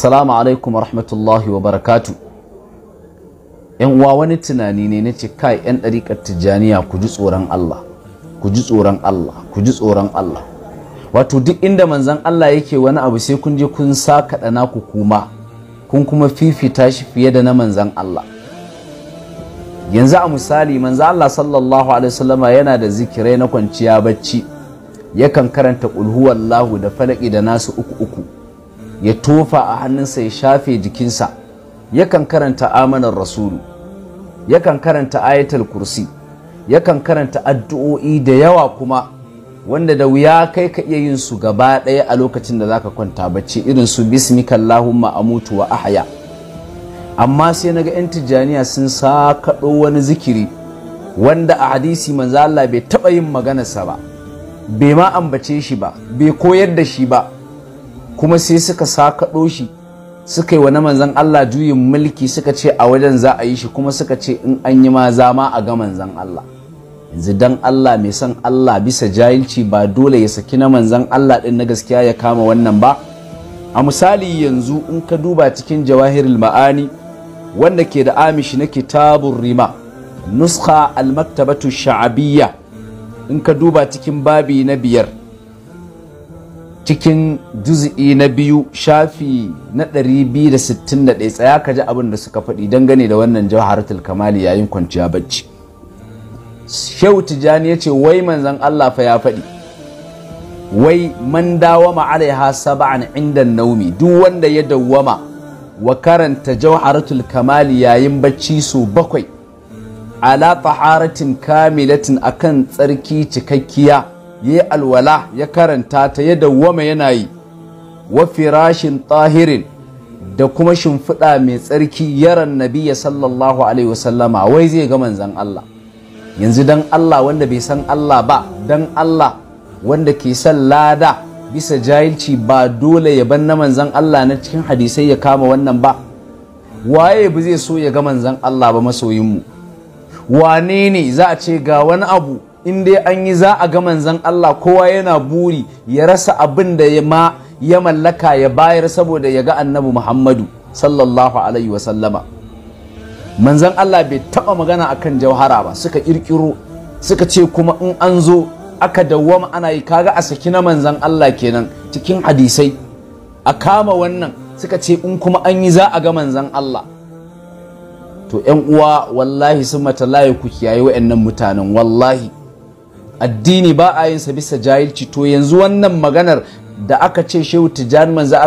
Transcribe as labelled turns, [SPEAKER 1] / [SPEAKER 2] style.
[SPEAKER 1] salamu alaikum wa rahmatullahi wa barakatu yan uwa wani tunani ne na ce kai yan ɗariƙar tijjaniya ku ji tsoron Allah ku ji tsoron Allah ku ji tsoron Allah wato duk inda manzan Allah yake wani abu sai kun je kun sa kaɗa ku kuma kun kuma fifita shi fiye da na manzan Allah yanzu a misali manzan Allah sallallahu alaihi wasallama yana da zikirai na kwanciya bacci yakan karanta ƙulhuwallahu da falaki da nasu uku uku ya tofa a hannunsa ya shafe jikinsa yakan karanta amanar rasulu yakan karanta ayatul kursi yakan karanta addu'o'i da yawa kuma wanda da wuya kai ka iya yin su gaba ɗaya a lokacin da zaka kwanta bacci irin su bismika allahumma amutu wa ahya amma sai naga yan tijjaniya sun sakaɗo wani zikiri wanda a hadisi manzo Allah bai taɓa yin maganarsa ba bai ma ambace shi ba bai koyar da shi ba kuma sai suka sakaɗo shi suka yi na manzan Allah juyin mulki suka ce a wajen za a yi shi kuma suka ce in an yi ma za ma a ga manzan Allah yanzu dan Allah mai son Allah bisa jahilci ba dole ya saki na manzan Allah ɗin na gaskiya ya kama wannan ba a misali yanzu in ka duba cikin jawahirul ma'ani wanda ke da amishi na kitabun rima nuskha al-maktabatu sha'abiyya in ka duba cikin babi na biyar cikin juzi'i na biyu shafi na 261 tsaya ka ji abin da suka faɗi dangane da wannan jawharatul kamali yayin kwanciya bacci shehu tijani ya ce wai manzan allah fa ya faɗi wai man dawama alaiha saba'an inda naumi duk wanda ya dawwama wa karanta jawharatul kamali yayin bacci su bakwai ala taharatin kamilatin akan tsarki cikakkiya ya yi alwala ya karanta ta yadda Wama yana yi wa firashin tahirin da kuma shimfiɗa mai tsarki yaran nabiya sallallahu alaihi wasallama wai zai ga manzan Allah yanzu dan Allah wanda bai san Allah ba dan Allah wanda ke san lada bisa jahilci ba dole ya ban na manzan Allah na cikin hadisai ya kama wannan ba waye ba zai so ya ga manzan Allah ba masoyinmu wane ne za a ce ga wani abu in dai an yi za a ga manzan Allah kowa yana buri ya rasa abin da ya ma ya mallaka ya bayar saboda ya ga annabi Muhammadu sallallahu alaihi wasallama manzan Allah bai taɓa magana a kan jauhara ba suka ƙirƙiro suka ce kuma in an zo aka dawwama ana yi kaga a saki na manzan Allah kenan cikin hadisai a kama wannan suka ce in kuma an yi za a ga manzan Allah to 'yan uwa wallahi sun mata layi ku kiyaye wa'annan mutanen wallahi addini ba a yin sa bisa jahilci to yanzu wannan maganar da aka ce shehu tijjani manzo